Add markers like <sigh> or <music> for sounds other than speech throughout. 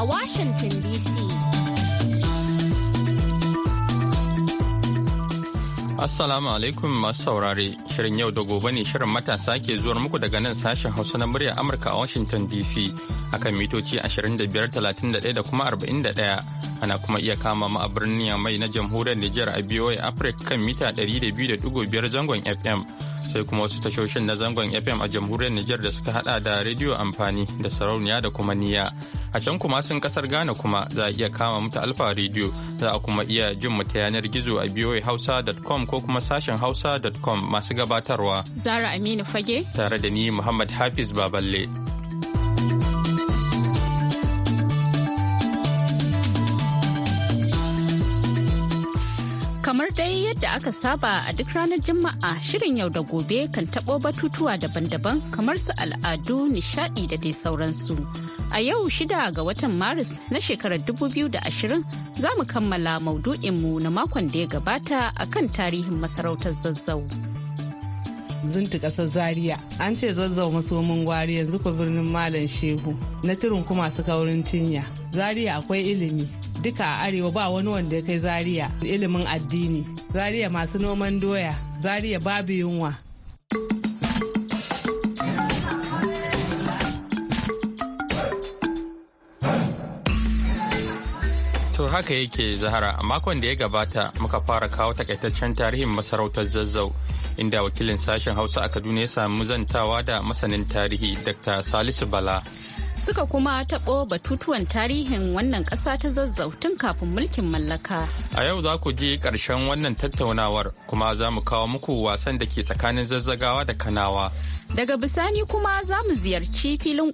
a Washington DC. Assalamu alaikum masu saurare shirin yau da gobe ne shirin matasa ke zuwa muku daga nan sashen hausa na murya Amurka a Washington DC akan mitoci 25,31 da kuma 41 ana kuma iya kama mu a birnin mai na jamhuriyar Nijar a BOA Africa kan mita 200.5 zangon FM sai kuma wasu tashoshin na zangon FM a jamhuriyar Nijar da suka hada da rediyo amfani da sarauniya da kuma niya. A can kuma sun kasar Ghana kuma za a iya kama muta alfa rediyo za a kuma iya jin mu ta yanar gizo a voahausa.com ko kuma sashen hausa.com masu gabatarwa. Zara Aminu Fage. Tare da ni Muhammad Hafiz Baballe. dai yadda aka saba a duk ranar Juma'a shirin yau da gobe kan taɓo batutuwa daban-daban kamar su al'adu, nishaɗi da dai sauransu. A yau shida ga watan Maris na shekarar 2020 za mu kammala maudu'inmu na makon da ya gabata a kan tarihin masarautar zazzau. zinti kasar zaria an ce zazzau masomin gwari yanzu ku birnin malam shehu na turin kuma su kaurin cinya zaria akwai ilimi duka a arewa ba wani wanda ya kai zaria ilimin addini Zariya masu noman doya Zariya babu yunwa To haka yake Zahara a makon da ya gabata muka fara kawo takaitaccen tarihin masarautar zazzau inda wakilin sashen Hausa a Kaduna ya samu zantawa da masanin tarihi Dr. Salisu Bala suka kuma taɓo batutuwan tarihin wannan ƙasa ta zazzau tun kafin mulkin mallaka. A yau za ku je ƙarshen wannan tattaunawar kuma za mu kawo muku wasan da ke tsakanin zazzagawa da kanawa. Daga bisani kuma za mu ziyarci filin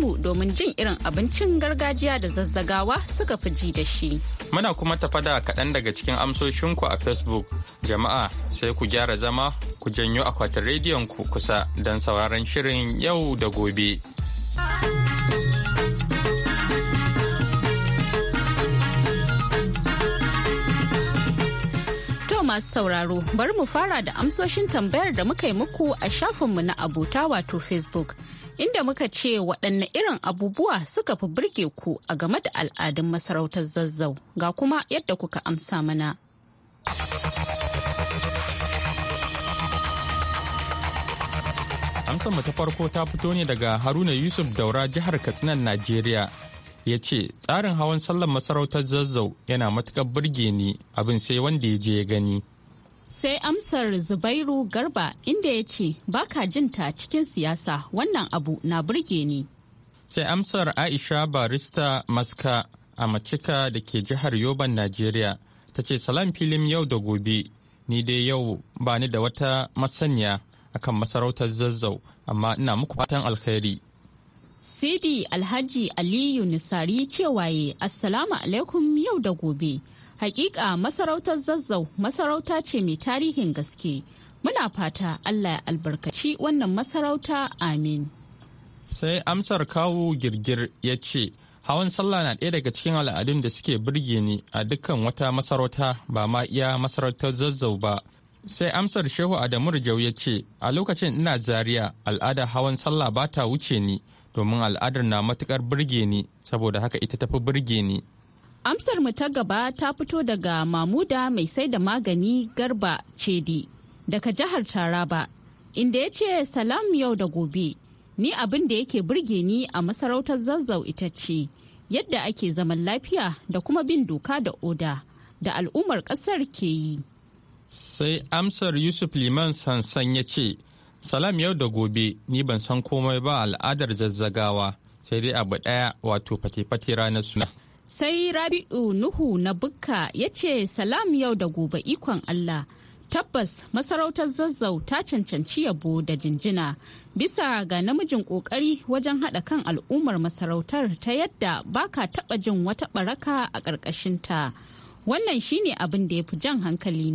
mu domin jin irin abincin gargajiya da zazzagawa suka fi ji da shi. Muna kuma tafa da kaɗan daga cikin amsoshinku a Facebook. Jama'a sai ku gyara zama ku janyo akwatin rediyon ku kusa don sauraron shirin yau da gobe. masu sauraro bari mu fara da amsoshin tambayar da muka yi muku a shafinmu na abota wato Facebook inda muka ce waɗanne irin abubuwa suka fi birge ku a game da al'adun masarautar zazzau ga kuma yadda kuka amsa mana. amsar mu ta farko ta fito ne daga Haruna Yusuf Daura jihar Katsinan Najeriya. ya ce tsarin hawan sallar masarautar zazzau yana matukar burge ni abin sai wanda ya je ya gani sai amsar zubairu garba inda ya ce ba ka jinta cikin siyasa wannan abu na burge ni sai amsar aisha barista maska a macika da ke jihar yoban najeriya ta ce salam filim yau da gobe ni dai yau ba ni da wata masaniya akan masarautar zazzau amma ina muku fatan alkhairi Sidi Alhaji Aliyu Nisari waye Assalamu alaikum yau da gobe. Hakika masarautar zazzau masarauta ce mai tarihin gaske. Muna fata Allah ya albarkaci wannan masarauta amin. Sai amsar kawo girgir ya ce, Hawan sallah na ɗaya daga cikin al'adun da suke birge ni a dukkan wata masarauta ba ma iya masarautar zazzau ba. Sai amsar Shehu Adamu Rijau ya ce, A lokacin ina zariya al'ada hawan sallah ba ta wuce ni. domin al'adar na matukar burge ni saboda haka ita tafi burge ni amsar mu ta gaba ta fito daga mamuda mai sai da magani garba cedi daga jihar taraba inda ya ce salam yau da gobe ni abin da yake burge ni a masarautar zazzau ita ce yadda ake zaman lafiya da kuma bin doka da oda da al'ummar ƙasar ke yi sai amsar yusuf liman sansan ya ce Salam yau da gobe ni ban san komai ba al'adar zazzagawa sai dai abu ɗaya wato fati-fati ranar suna. Sai Rabi'u Nuhu na Bukka ya ce salam yau da gobe ikon Allah. Tabbas masarautar zazzau ta cancanci yabo da jinjina bisa ga namijin kokari wajen hada kan al'ummar masarautar ta yadda baka taba jin wata baraka a ta Wannan shine abin da ya fi jan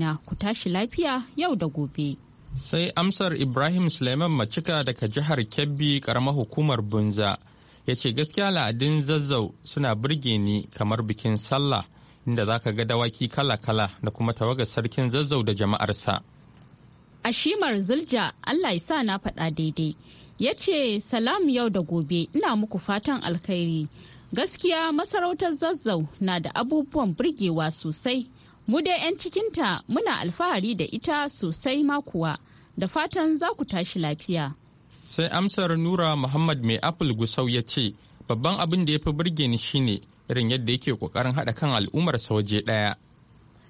na ku tashi lafiya yau da gobe. Sai amsar Ibrahim Suleiman Macika daga jihar Kebbi karamar hukumar Bunza ya ce gaskiya la'adin zazzau suna burge ni kamar bikin sallah inda za ka ga dawaki kala-kala da kuma tawagar sarkin zazzau da jama'arsa. shimar Zulja Allah ya sa na faɗa daidai. ya ce salam yau da gobe ina muku fatan alkhairi gaskiya masarautar zazzau na da abubuwan burgewa sosai Mu dai 'yan cikinta muna alfahari da ita sosai ma kuwa, da fatan za ku tashi lafiya. Sai amsar Nura Muhammad mai Apple Gusau ya ce, babban abin da ya fi burge ni shine irin yadda yake kokarin haɗa kan al'ummarsa waje ɗaya.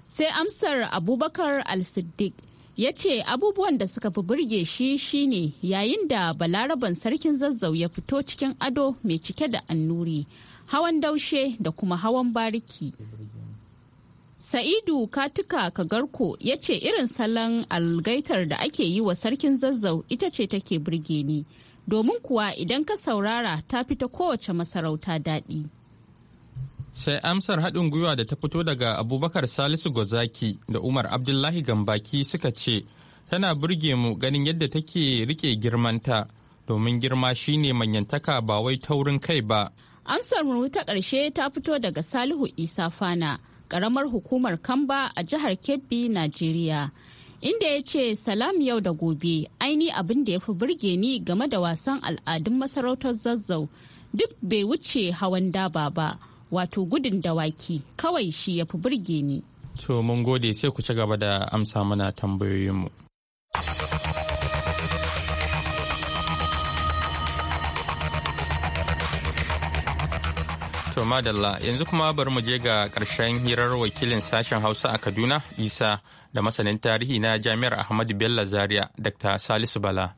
Sai amsar Abubakar Al-Siddiq ya ce abubuwan da suka fi burge shi shine yayin da balaraban sarkin zazzau ya fito cikin ado mai cike da annuri, hawan daushe da kuma hawan bariki. Sa'idu Katuka Kagarko ya ce irin salon algaitar da ake yi wa sarkin zazzau ita ce take burge ni, domin kuwa idan ka saurara ta fita kowace masarauta daɗi. Sai amsar haɗin gwiwa da ta fito daga Abubakar Salisu Gozaki da Umar Abdullahi Gambaki suka ce, tana burge mu ganin yadda take rike girmanta, domin girma shine manyantaka ba wai taurin kai ba. Amsar mu ta ƙarshe ta fito daga Salihu Isa Fana. karamar hukumar Kamba a jihar Kebbi, nigeria Inda ya ce salam yau da gobe aini abin da ya fi burge ni game da wasan al'adun masarautar zazzau duk bai wuce hawan daba ba wato gudun dawaki kawai shi ya fi burge ni. To mun gode sai ku ci gaba da amsa mana tambayoyinmu. To madalla yanzu kuma bari mu je ga karshen hirar wakilin sashen Hausa a Kaduna Isa da masanin tarihi na Jami'ar Ahmadu Bello Zaria Dr. Salisu Bala.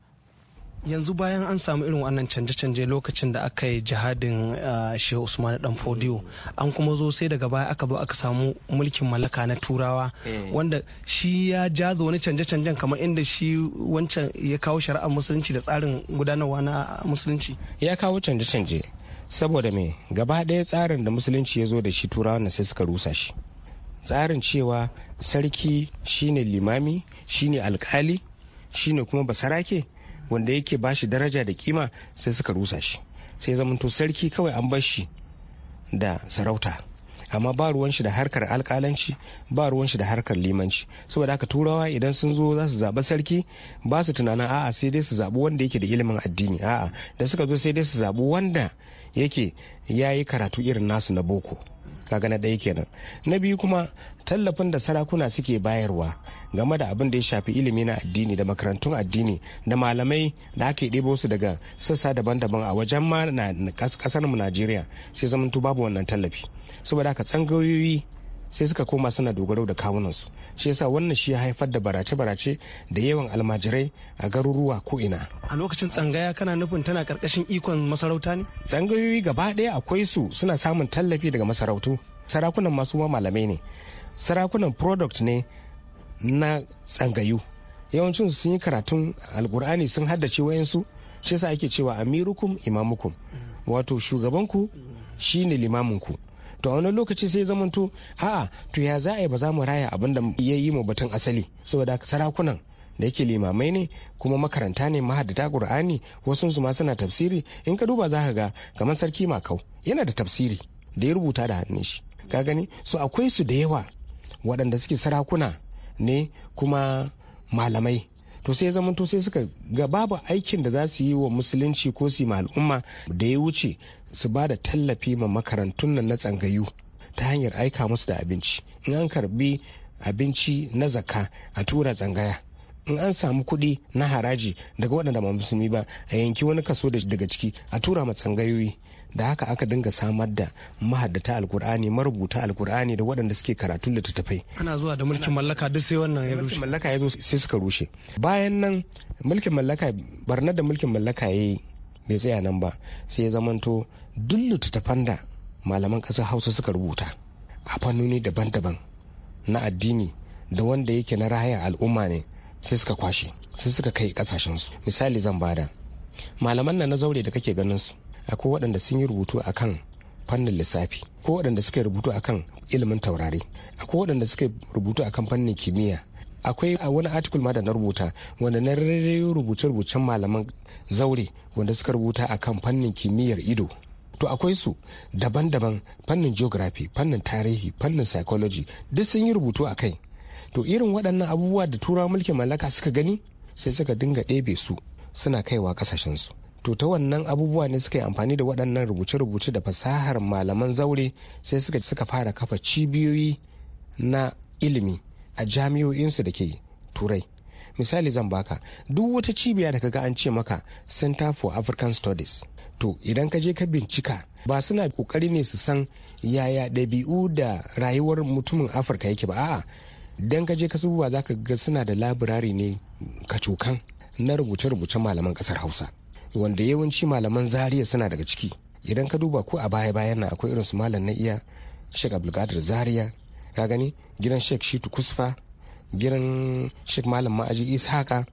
yanzu bayan an samu irin wannan canje-canje lokacin da aka yi jihadin ah, shehu usman dan fodiyo an kuma zo sai daga baya aka zo aka samu mulkin mallaka na turawa eh. wanda shi ya jaza wani canje-canjen kamar inda shi wancan ya kawo shari'ar musulunci da tsarin gudanarwa na musulunci ya kawo canje-canje saboda me gaba ɗaya tsarin da musulunci ya zo da shi turawa na sai suka rusa shi tsarin cewa sarki shine limami shine alkali shine kuma basarake wanda yake ba shi daraja da kima sai suka rusa shi sai zamanto sarki kawai an bar shi da sarauta amma ba ruwan shi da harkar alkalanci ba ruwan shi da harkar limanci saboda haka turawa idan sun zo za su zaɓi sarki ba su tunanin a'a sai dai su zaɓi wanda yake da ilimin addini a'a da suka zo sai dai su zaɓi wanda yake ya yi karatu irin nasu na boko kaga na ɗaya kenan na biyu kuma tallafin da sarakuna suke bayarwa game da abin da ya shafi ilimi na addini da makarantun addini da malamai da ake ɗebo su daga sassa daban-daban a wajen ma na ƙasarmu najeriya sai zamantu babu wannan tallafi saboda haka tsangayoyi sai suka koma suna dogaro da kawunansu shi yasa wannan shi ya haifar da barace-barace da yawan almajirai a garuruwa ko ina a lokacin tsangaya kana nufin tana karkashin ikon masarauta ne tsangayoyi gaba ɗaya akwai su suna samun tallafi daga masarautu sarakunan masu malamai ne sarakunan product ne na tsangayu yawancin sun yi karatun alkur'ani sun haddace wayansu shi yasa ake cewa amirukum imamukum mm. wato shugabanku mm. shine limaminku to a wani lokaci sai zamanto a'a to ya za a yi ba za mu raya abin da ya yi mu batun asali saboda sarakunan da yake limamai ne kuma makaranta ne mahadata qur'ani wasu su ma suna tafsiri in ka duba za ka ga kamar sarki makau yana da tafsiri da ya rubuta da hannun shi ka gani so akwai su da yawa waɗanda suke sarakuna ne kuma malamai to sai zaman to sai suka ga babu aikin da za su yi wa musulunci ko su ma al'umma da ya wuce su ba da tallafi ma makarantun nan na tsangayu ta hanyar aika musu da abinci in an karbi abinci na zaka a tura tsangaya in an samu kuɗi na haraji daga waɗanda ba musulmi ba a yanki wani kaso daga ciki a tura ma tsangayoyi da haka aka dinga samar da mahaddata alkur'ani marubuta alkur'ani da waɗanda suke karatun littattafai ana zuwa da mulkin mallaka duk sai wannan ya rushe mallaka ya zo sai suka rushe bayan nan mulkin mallaka barna da mulkin mallaka ya bai tsaya nan ba sai ya zamanto duk littattafan da malaman ƙasar hausa suka rubuta a fannoni daban-daban na addini da wanda yake na rahayan al'umma ne sai suka kwashe sai suka kai kasashensu misali zan bada malaman nan na zaure da kake ganin su akwai waɗanda sun yi rubutu akan fannin lissafi ko waɗanda suka rubutu akan ilimin taurari akwai waɗanda suka rubutu akan fannin kimiyya akwai a wani article ma da na rubuta wanda na rarrayo rubuce-rubucen malaman zaure wanda suka rubuta akan fannin kimiyyar ido to akwai su daban-daban fannin geography fannin tarihi fannin psychology duk sun yi rubutu a kai to irin waɗannan abubuwa da turawa mulkin mallaka suka gani sai suka dinga ɗebe su suna kaiwa ƙasashensu to ta wannan abubuwa ne suka yi amfani da waɗannan rubuce-rubuce da fasahar malaman zaure sai suka suka fara kafa cibiyoyi na ilimi a jami'o'insu da ke turai misali zan baka duk wata cibiya da kaga an ce maka center for african studies to idan ka je ka bincika ba suna kokari ne su san yaya ɗabi'u da rayuwar mutumin afirka yake ba a'a dan ka je ka zuba za ka ga suna da labirari ne kacokan na rubuce-rubuce malaman ƙasar hausa wanda yawanci malaman zaria suna daga ciki idan ka duba ko a baya bayan na akwai irinsu malam na iya shek abdulkadir zaria ka gani gidan shek shitu kusfa gidan shek malam ma'aji ishaka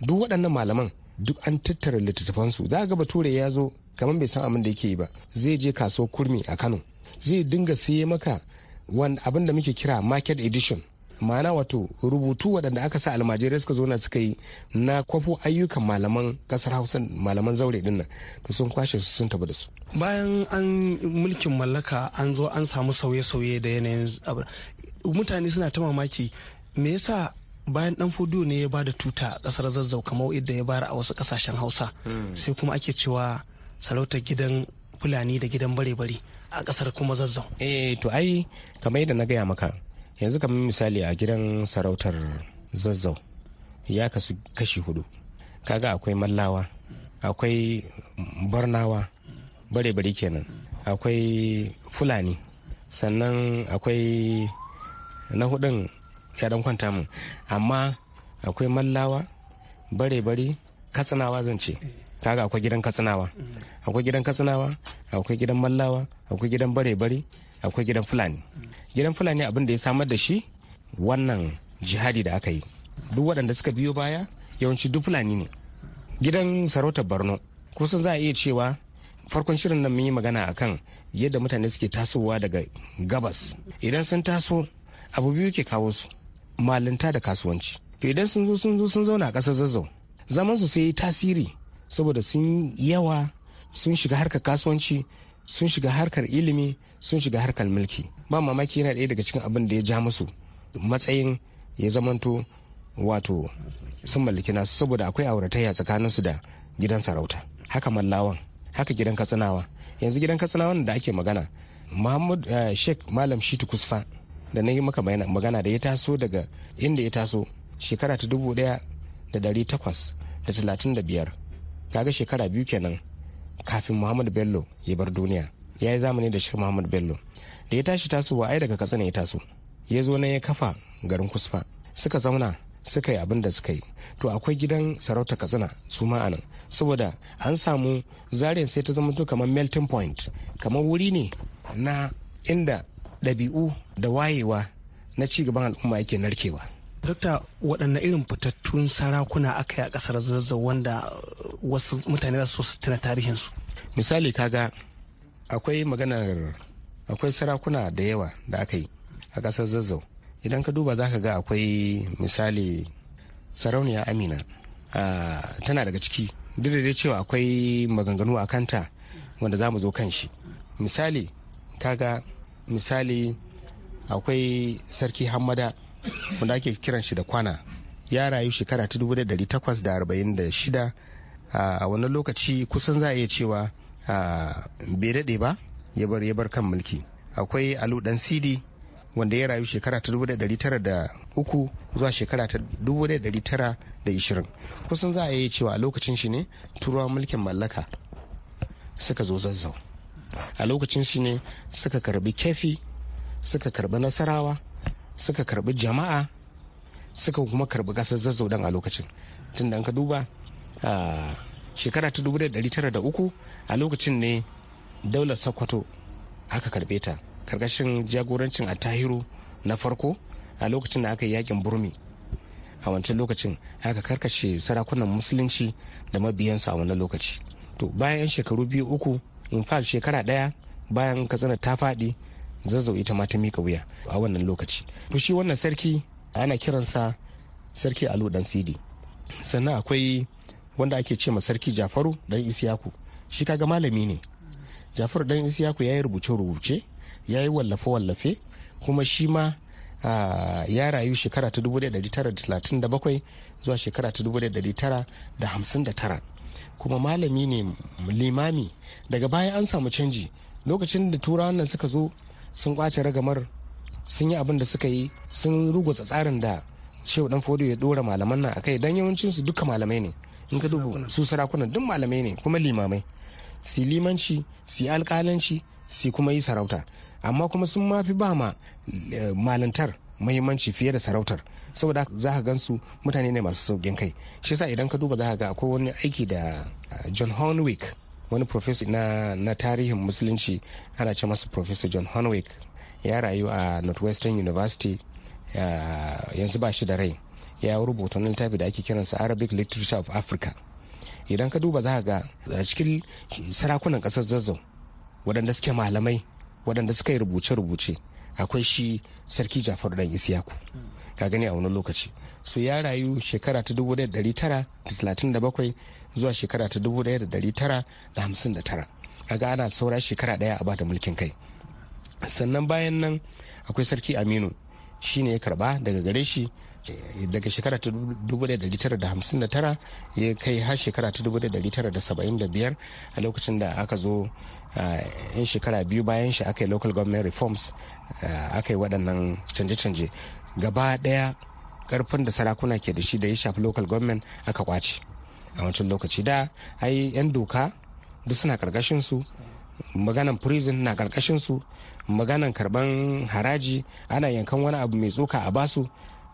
duk waɗannan malaman duk an tattara littattafansu za ga bature ya zo kamar bai san abin da yake yi ba zai je kasuwar kurmi a kano zai dinga siye maka wani abin da muke kira market edition ma'ana wato rubutu waɗanda aka sa almajirai suka zo na suka yi na kwafo ayyukan malaman kasar hausa malaman zaure din nan to sun kwashe su sun tafi da su bayan an mulkin mallaka an zo an samu sauye-sauye da yanayin mutane suna ta mamaki me yasa bayan dan fudu ne ya bada tuta kasar zazzau kamar yadda ya bara a wasu kasashen hausa hmm. sai kuma ake cewa sarautar gidan fulani da gidan bare-bare a kasar kuma zazzau eh to ai kamar yadda na gaya maka yanzu kamar misali a gidan sarautar zazzau ya kasu kashi hudu kaga akwai mallawa akwai barnawa bare-bare kenan akwai fulani sannan akwai na hudun ya dan kwanta mun amma akwai mallawa bare-bare katsinawa zan ce kaga akwai gidan katsinawa akwai gidan katsinawa akwai gidan mallawa akwai gidan bare-bare akwai gidan fulani gidan fulani abin da ya samar da shi wannan jihadi da aka yi duk waɗanda suka biyo baya yawanci duk fulani ne gidan sarautar borno kusan za a iya cewa farkon shirin nan mun yi magana kan yadda mutane suke tasowa daga gabas idan sun taso abu biyu ke kawo su malinta da kasuwanci to idan sun zo sun zo sun zauna a ƙasar zazzau zaman su sai tasiri saboda sun yawa sun shiga harkar kasuwanci sun shiga harkar ilimi sun shiga harkar mulki ba mamaki yana ɗaya daga cikin abin da ya ja musu matsayin ya zamanto wato sun mallaki nasu saboda akwai auratayya su da gidan sarauta haka mallawan haka gidan katsinawa yanzu gidan katsinawan da ake magana muhammad eh, sheikh malam shitu kusfa da na yi maka magana da ya taso daga inda ya taso shekara ta dubu ɗaya da dari takwas da talatin da biyar kaga shekara biyu kenan kafin muhammad bello ya bar duniya ya yi zamani da shirin muhammad bello da ya tashi tasowa ai daga katsina ya taso ya zo na ya kafa garin kusfa suka zauna suka yi abin da suka yi to akwai gidan sarauta katsina su ma anan saboda an samu zarin sai ta zama to kamar melting point kamar wuri ne na inda ɗabi'u da wayewa na cigaban al'umma yake narkewa dokta waɗanne irin fitattun sarakuna aka yi a ƙasar zazzau wanda uh, wasu mutane za su tuna tarihinsu misali kaga akwai maganar akwai sarakuna da yawa da aka yi a ƙasar zazzau idan ka duba za ka ga akwai misali sarauniya amina ah, tana daga ciki duk da cewa akwai maganganu a kanta wanda za mu zo kan shi misali kaga misali akwai sarki Hamada. wanda ake kiran shi da kwana ya rayu shekara ta 1846 a wannan lokaci kusan za a iya cewa bai daɗe ba ya bar bar kan mulki akwai alu dan sidi wanda ya rayu shekara ta 1903 zuwa shekara ta 1920 kusan za a iya cewa a lokacin shi ne turawa mulkin mallaka suka zo zazzau a lokacin shi ne suka karbi kefi suka karbi nasarawa suka karbi jama'a suka kuma karbi kasar zazzaudan a lokacin tun da ka duba shekara ta 1903 a lokacin ne daular sokoto aka karbe ta karkashin jagorancin a al-tahiru na farko a lokacin da aka yi yakin burmi a wancan lokacin aka karkashe sarakunan musulunci da mabiyansu a wannan lokaci to bayan shekaru biyu uku in fact shekara daya bayan katsina ta faɗi zazzau ita ma ta mika wuya a wannan lokaci to shi wannan sarki ana kiransa sarki alu dan sidi sannan akwai wanda ake ce ma sarki jafaru dan isiyaku shi kaga malami ne jafaru dan isiyaku ya yi rubuce-rubuce ya yi wallafe-wallafe kuma shi ma ya rayu shekara ta 1937 zuwa shekara ta 1959 kuma malami ne limami daga baya an samu canji lokacin da turawan nan suka zo sun kwace ragamar sun yi abin da suka yi sun rugutsa tsarin da shehu dan fodiyo ya dora malaman nan akai dan yawancin su duka malamai ne in ka dubu su sarakunan duk malamai ne kuma limamai si limanci si alkalanci si kuma yi sarauta amma kuma sun mafi ba ma eh, malantar muhimmanci fiye da sarautar saboda za ka gansu mutane ne masu saukin kai shi sa idan ka duba za ka ga akwai wani aiki da eh, john hornwick wani professor na, na tarihin musulunci ana ce masa professor john honwick ya rayu a northwestern university yanzu ba shi da rai ya rubuta wani littafi da ake kiransa arabic literature of africa idan ka duba za ka ga a cikin sarakunan kasar zazzau waɗanda suke malamai waɗanda suka yi rubuce-rubuce akwai shi sarki jafar dan isiyaku ka gani a wani lokaci so ya rayu shekara ta 1937 zuwa shekara ta 1959 kaga ana saura shekara daya a bata mulkin kai sannan bayan nan akwai sarki aminu shi ne ya karba daga gare shi Eh, daga shekara ta tara ya kai har shekara ta 1975 a lokacin da aka zo eh, in shekara biyu bayan shi aka yi local government reforms eh, aka yi waɗannan canje-canje gaba ɗaya ƙarfin da sarakuna ke da shi da ya shafi local government aka kwace a wancan lokaci da ai 'yan doka duk suna karkashin su maganan prison na karkashin su maganan karban haraji ana yankan wani abu mai tsoka a basu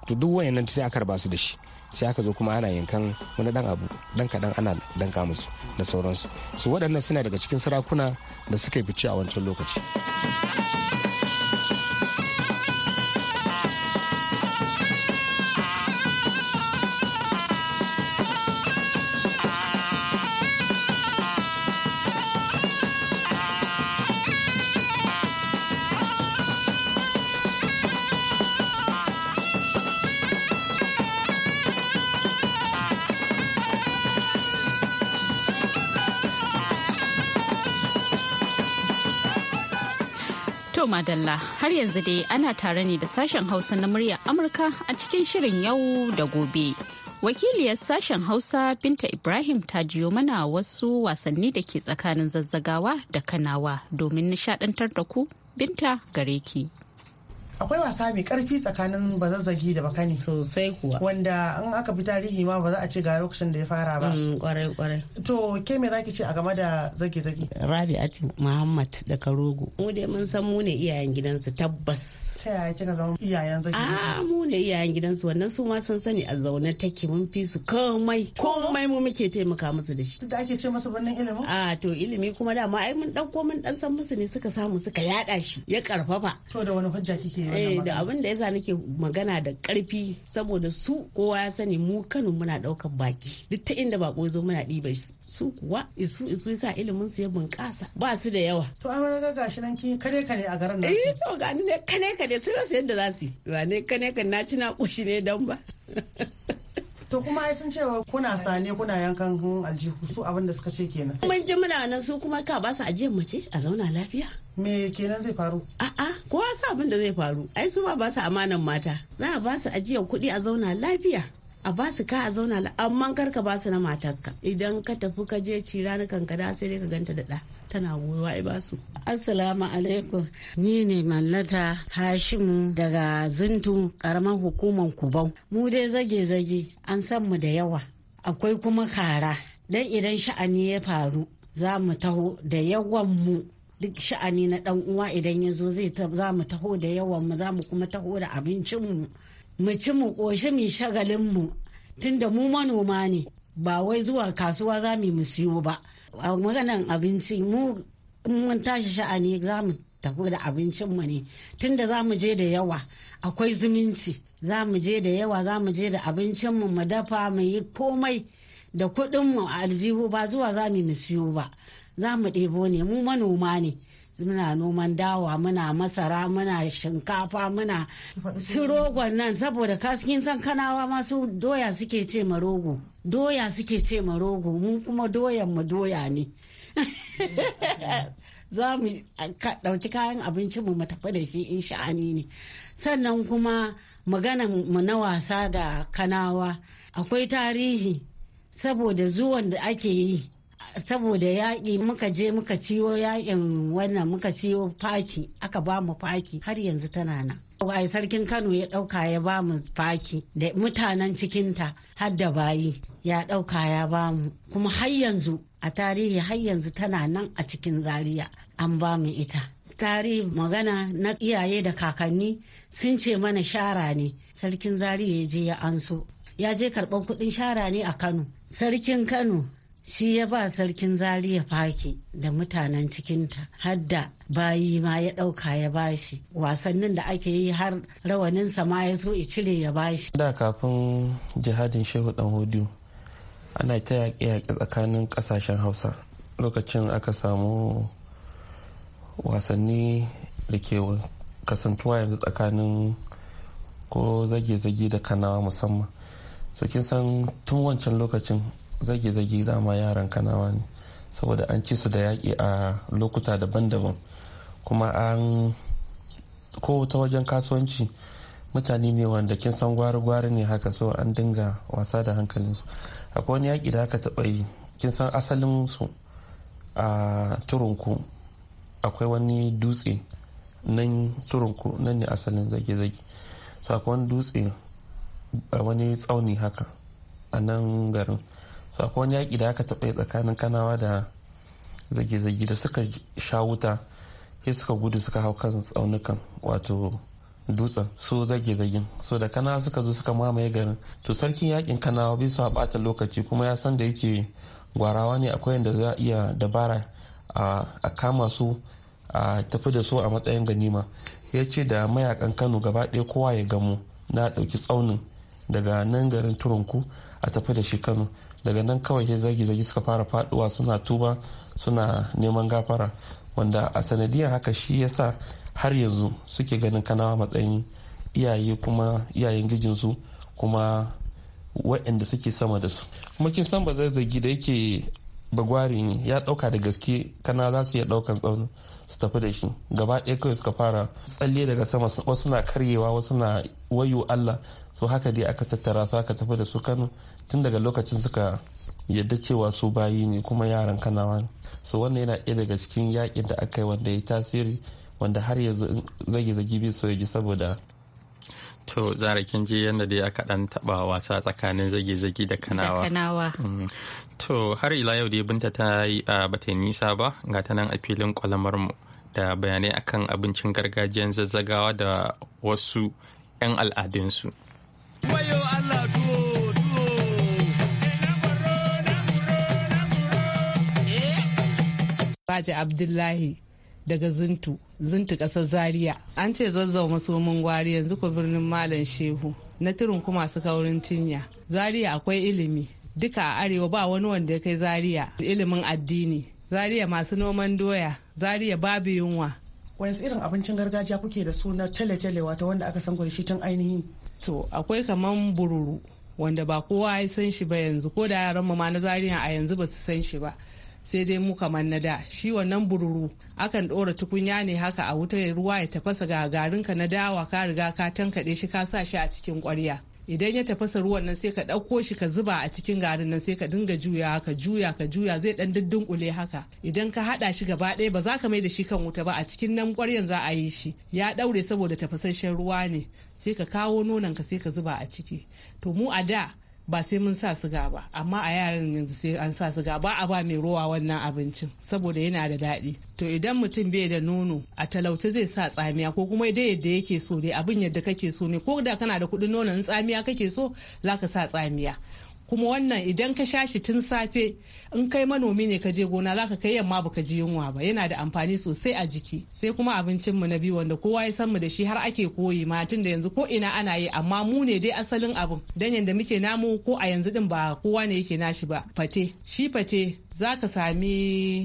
to duk wayannan sai aka rabasu da shi sai aka zo kuma ana yankan wani dan abu dan kadan ana danka musu da sauransu su waɗannan suna daga cikin sarakuna da suka fice a wancan lokaci. madalla har yanzu dai ana tare ne da sashen hausa na muryar amurka a cikin shirin yau da gobe wakiliyar sashen hausa binta ibrahim ta jiyo mana wasu wasanni da ke tsakanin zazzagawa da kanawa domin nishadantar da ku binta gareki. akwai wasa mai karfi tsakanin bazazzagi da bakani sosai kuwa wanda an aka fi tarihi ma ba za a ce ga lokacin da ya fara ba kwarai mm, kwarai to ke me zaki ce a game da zage zage Ati muhammad da karogo mu dai mun san mu ne iyayen gidansu tabbas ta yaya kika zama iyayen zage a ah, mu ne iyayen gidansu wannan su ma san sani a zaune take mun fi su komai komai mu muke taimaka musu da shi da ake ce masa birnin ilimi a ah, to ilimi kuma dama ai mun dauko mun dan san musu ne suka samu suka yada shi ya karfafa to da wani hujja kike Eh, da abin da yasa nake magana da karfi saboda su kowa ya sani mu Kano muna daukar baki duk ta inda bako zo muna diba su kuwa isu isu yasa ilimin su ya bunƙasa ba su da yawa to an ga gashi nan ki kare kare a garin nan eh to ga ni ne kare kare sun rasa yadda za su yi ba ne kare kare na ci na koshi ne dan ba <laughs> to kuma ai sun cewa kuna sane kuna yankan aljihu su abin da suka ce kenan mun ji muna nan su kuma ka ba su ajiyar mace a zauna lafiya me kenan zai faru a'a kowa sa abin da zai faru ai su ba ba su amanan mata za a ba su ajiyar kuɗi a zauna lafiya a ba su ka a zauna la amma kar ka ba su na matarka idan ka tafi ka je ci ranukan ka sai dai ka ganta da da tana goyowa ai ba su assalamu alaikum ni ne mallata hashimu daga zuntu karamar hukumar kubau mu dai zage zage an san mu da yawa akwai kuma kara dan idan sha'ani ya faru za mu taho da yawan mu duk sha'ani na dan uwa idan ya zo zai za mu taho da yawan mu za mu kuma taho da abincin mu mu ci mu ƙoshi mu shagalin mu tunda mu manoma ne ba wai zuwa kasuwa za mu mu siyo ba a maganan abinci mu mun tashi sha'ani za mu tafi da abincin mu ne tunda za mu je da yawa akwai zumunci za mu je da yawa za mu je da abincin mu mu dafa mu yi komai da kuɗin mu a aljihu ba zuwa za mu mu siyo ba za mu ɗebo ne mu manoma ne muna noman dawa muna masara muna shinkafa muna su <laughs> rogon nan saboda kaskin san kanawa masu doya suke ce ma rogo doya suke ce ma rogo mu kuma doyan mu doya ne <laughs> za mu ɗauki kayan abinci mu mu tafi da shi in sha'ani ne sannan kuma magana mu na wasa da kanawa akwai tarihi saboda zuwan da ake yi saboda yaƙi muka je muka ciwo yaƙin wannan muka ciwo faki aka ba mu faki har yanzu tana nan wai sarkin kano ya ɗauka ya ba mu faki da mutanen cikinta har da bayi ya ɗauka ya ba mu kuma har yanzu a tarihi har yanzu tana nan a cikin zaria an ba mu ita tarihi magana na iyaye da kakanni sun ce mana shara ne sarkin zaria ya je ya anso ya je karɓar kuɗin shara ne a kano sarkin kano shi ya ba sarkin zariya faki da mutanen cikinta hadda bayi ma ya dauka ya bashi wasannin da ake yi har rawaninsa ma ya so cire ya bashi da kafin jihadin shehu dan hudu ana ta yaƙe-yaƙe tsakanin kasashen hausa lokacin aka samu wasanni da ke kasantuwa yanzu tsakanin ko zage-zage da kanawa musamman so kin san tun wancan lokacin zage-zage dama yaran kanawa ne saboda an ci su da yaƙi a lokuta daban-daban kuma an ko ta wajen kasuwanci mutane ne wanda kin san gwari-gwari ne haka so an dinga wasa da hankalinsu akwai wani yaƙi da haka taɓa yi kin san asalin su a turunku akwai wani dutse nan turunku nan ne asalin zage-zage so akwai wani dutse a wani tsauni haka a nan garin sakon yaƙi da aka taɓa tsakanin kanawa da zage-zage da suka sha wuta sai suka gudu suka hau kan tsaunukan wato dutsen su zage-zagen so da kanawa suka zo suka mamaye garin to sarkin yaƙin kanawa bai su ɓata lokaci kuma ya san da yake gwarawa ne akwai yadda za a iya dabara a kama su a tafi da su a matsayin ganima ya ce da mayakan kano gaba ɗaya kowa ya gamu na ɗauki tsaunin daga nan garin turunku a tafi da shi kano daga nan kawai sai zagi-zagi suka fara faduwa suna tuba suna neman gafara wanda a sanadiyar haka shi yasa har yanzu suke ganin kanawa matsayin iyaye kuma iyayen gijinsu kuma waɗanda suke sama da su kuma kin san ba zagi da yake bagwari ya ɗauka da gaske kana za su iya ɗaukan tsaunin su tafi da shi gaba ɗaya kawai suka fara tsalle daga sama wasu na karyewa wasu na wayo allah su haka dai aka tattara su aka tafi da su kano tun daga lokacin suka yadda cewa su bayi ne kuma yaran kanawa ne so wannan yana ɗaya daga cikin yakin da aka yi wanda ya tasiri wanda har yanzu zage-zage bi so ya ji saboda to zara kin je yadda dai aka dan taba wasa tsakanin zage-zage da kanawa mm. To har ila yau dai binta ta yi a bata nisa ba ga ta nan a filin mu da bayanai akan abincin gargajiyar zazzagawa da wasu 'yan al'adunsu. Baje Abdullahi daga Zuntu, Zuntu ƙasar Zaria. An ce zazzau masomin gwari yanzu ku birnin Malam Shehu na turin kuma su kaurin cinya. Zaria akwai ilimi, duka a arewa ba wani wanda ya kai zaria ilimin addini zaria masu noman doya zaria babu yunwa wani irin abincin gargajiya kuke da su na tale-tale wata wanda aka san shi tun ainihin to akwai kaman bururu wanda ba kowa ya san shi ba yanzu ko da yaran ma na zariya a yanzu ba su san shi ba sai dai mu kamar na da shi wannan bururu akan ɗora tukunya ne haka a wutar ruwa ya tafasa ga ka na dawa ka riga ka tankade shi ka sa shi a cikin kwarya idan ya tafasa ruwan nan sai ka ɗauko shi ka zuba a cikin garin nan sai ka dinga juya ka juya ka juya zai ɗan dindinƙule haka idan ka haɗa shi gaba ɗaya ba za ka mai da shi kan wuta ba a cikin nan ƙwaryan za a yi shi ya ɗaure saboda tafasasshen ruwa ne sai ka kawo nonon ka sai ka zuba a ciki to mu a da ba sai mun sa siga ba amma a yaran yanzu sai an sa siga ba a ba mai ruwa wannan abincin saboda yana da daɗi to idan mutum bai da nono a talauci zai sa tsamiya ko kuma dai yadda yake so dai abin yadda kake so ne ko da kana da kuɗin nonon tsamiya kake so zaka sa tsamiya kuma wannan idan ka sha shi tun safe in kai manomi ne ka je gona za ka kai yamma baka ji yunwa ba yana da amfani sosai a jiki sai kuma abincin mu na biyu wanda kowa ya san mu da shi har ake koyi ma tun da yanzu ko ina ana yi amma mu ne dai asalin abin dan yanda muke namu ko a yanzu din ba kowa ne yake nashi ba fate shi fate za ka sami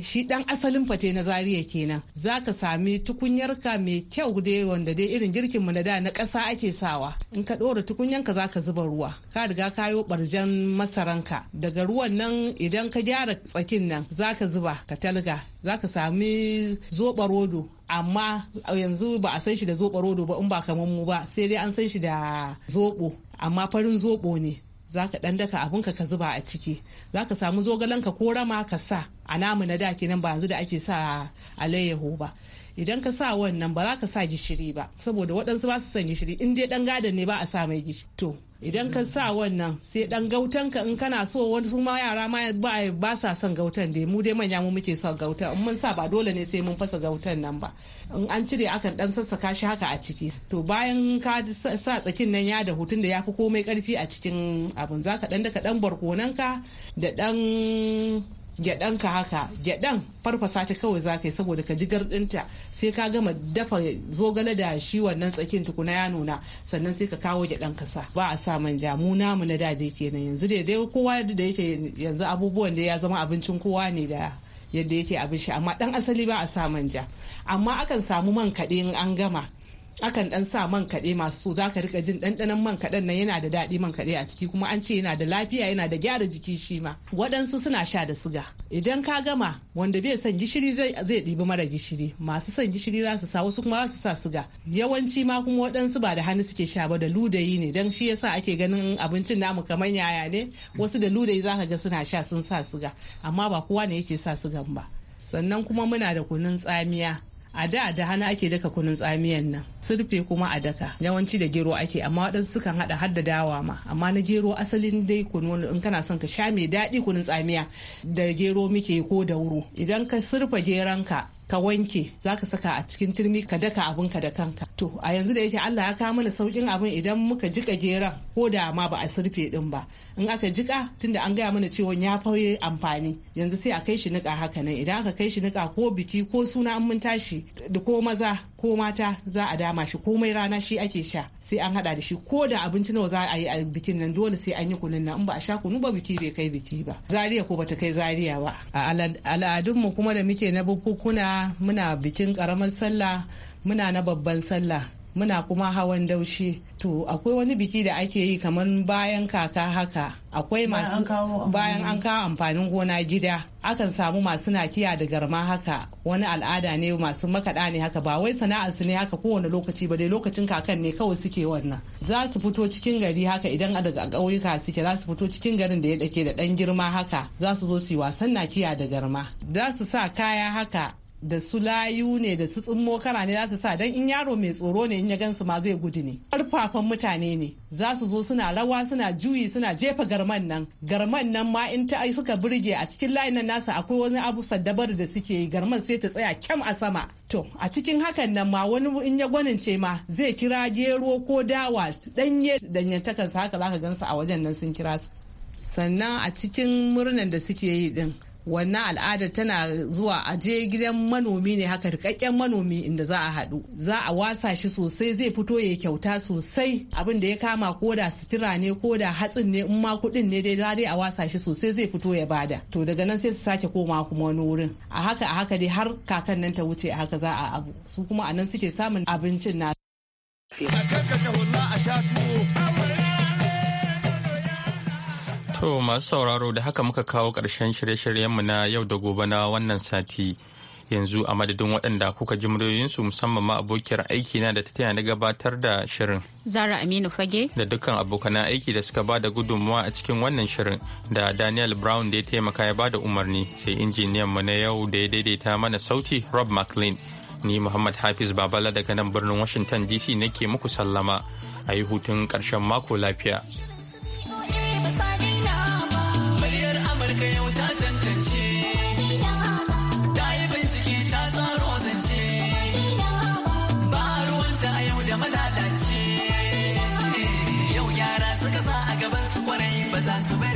shi dan asalin fate na zariya kenan za ka sami tukunyarka mai kyau dai wanda dai irin girkin mu na da na ƙasa ake sawa in ka ɗora tukunyanka za ka zuba ruwa ka riga kayo barjan masaranka daga ruwan nan idan ka gyara tsakin nan za ka zuba ka talga za ka sami zoɓa rodo amma yanzu ba a san shi da zoɓa rodo ba in ba kamar mu ba sai dai an san shi da zoɓo amma farin zoɓo ne za ka ɗan daka abinka ka zuba a ciki za ka samu zogalenka ko rama ka sa a namu na da kenan ba yanzu da ake sa alayyaho ba idan ka sa wannan ba za ka sa gishiri ba saboda waɗansu ba su san gishiri in dai ɗan gadon ne ba a sa mai gishiri to idan ka sa wannan sai dan gautan ka in kana so wani su ma yara ma ba ba sa son gautan dai mu dai manya mu muke son gautan in mun sa ba dole ne sai mun fasa gautan nan ba in an cire akan dan sassaka shi haka a ciki to bayan ka sa tsakin nan ya da hutun da ya fi komai karfi a cikin abin zaka dan daka dan barkonanka da dan gyaɗan ka haka gyaɗan farfasa ta kawai za ka yi saboda ka ji gardinta sai ka gama dafa zogale da shi wannan tsakin tukuna ya nuna sannan sai ka kawo gyaɗan ka sa ba a sa manja mu namu na da dai kenan yanzu dai dai kowa da yake yanzu abubuwan da ya zama abincin kowa ne da yadda yake abin shi amma dan asali ba a sa manja amma akan samu man kaɗe in an gama akan dan sa man kaɗe masu so zaka rika jin ɗanɗanon man kaɗen nan yana da daɗi man kaɗe a ciki kuma an ce yana da lafiya yana da gyara jiki shi ma waɗansu suna sha da siga idan ka gama wanda bai san gishiri zai ɗibi mara gishiri masu son gishiri za su sa wasu kuma za su sa siga yawanci ma kuma waɗansu ba da hannu suke sha ba da ludayi ne dan shi yasa ake ganin abincin namu kamar yaya ne wasu da ludayi zaka ga suna sha sun sa siga amma ba kowa ne yake sa sugan ba sannan kuma muna da kunun tsamiya a da da hana ake daka kunun tsamiyan nan sirfe kuma a daka yawanci da gero ake amma waɗansu sukan haɗa har da dawa ma amma na gero asalin dai kunu in kana son ka sha mai daɗi kunun tsamiya da gero muke ko da wuro idan ka surfa geranka ka ka wanke za ka saka a cikin turmi ka daka ka da kanka to a yanzu da yake allah ya kawo mana saukin abin idan muka jika geran ko da ma ba a sirfe din ba in aka jika tunda an gaya mana cewa ya fauye amfani yanzu sai a kai shi nika haka nan idan aka kai shi nika ko biki ko suna an mun tashi da ko maza ko mata za a dama shi komai rana shi ake sha sai an hada da shi ko da abinci nawa za a yi a bikin nan dole sai an yi kunun nan in ba a sha kunu ba biki bai kai biki ba zaria ko bata kai zaria ba a al'adun mu kuma da muke na bukukuna muna bikin karamar sallah muna na babban sallah muna kuma hawan daushi to akwai wani biki da ake yi kamar bayan kaka haka akwai masu bayan an kawo amfanin gona gida akan samu masu nakiya da garma haka wani al'ada ne masu makaɗa ne haka ba wai sana'ar su ne haka kowane lokaci ba dai lokacin kakan ne kawai suke wannan za su fito cikin gari haka idan a daga ƙauyuka suke za su fito cikin garin da ya dake da ɗan girma haka za su zo su yi wasan nakiya da garma za su sa kaya haka da su layu ne da su tsimmo kana ne za su sa don in yaro mai tsoro ne in ya gansu ma zai gudu ne karfafan mutane ne za su zo suna rawa suna juyi suna jefa garman nan garman nan ma in ta suka birge a cikin layin nan nasa akwai wani abu saddabar da suke yi garman sai ta tsaya kyam a sama to a cikin hakan nan ma wani in ya gwanin ce ma zai kira gero ko dawa danye danyantakansa haka za zaka gansu a wajen nan sun kira su sannan a cikin murnan da suke yi din wannan al'adar tana zuwa a je gidan manomi ne haka rikakken manomi inda za a haɗu za a wasa shi sosai zai fito ya kyauta sosai abin da ya kama ko da sutura ne ko da hatsin ne in ma kuɗin ne dai za dai a wasa shi sosai zai fito ya bada to daga nan sai su sake koma kuma wani wurin a haka a haka dai har kakan nan ta wuce a haka za a abu su kuma a nan suke samun abincin na. To masu sauraro da haka muka kawo karshen shirye-shiryenmu na yau da gobe na wannan sati. Yanzu a madadin waɗanda kuka ji muryoyinsu musamman ma abokiyar aiki na da ta taya na gabatar da shirin. Zara Aminu Fage. Da dukkan abokan aiki da suka bada gudunmawa a cikin wannan shirin da Daniel Brown da ya taimaka ya bada umarni sai injiniyan mu na yau da ya daidaita mana sauti Rob McLean. Ni Muhammad Hafiz Babala daga nan birnin Washington DC nake muku sallama. A yi hutun karshen mako lafiya. ka yau ta tantance ta yi bincike ta tsaro zance ba ruwanta a yau da malalace yau yara suka sa a gaban su kwarai ba za su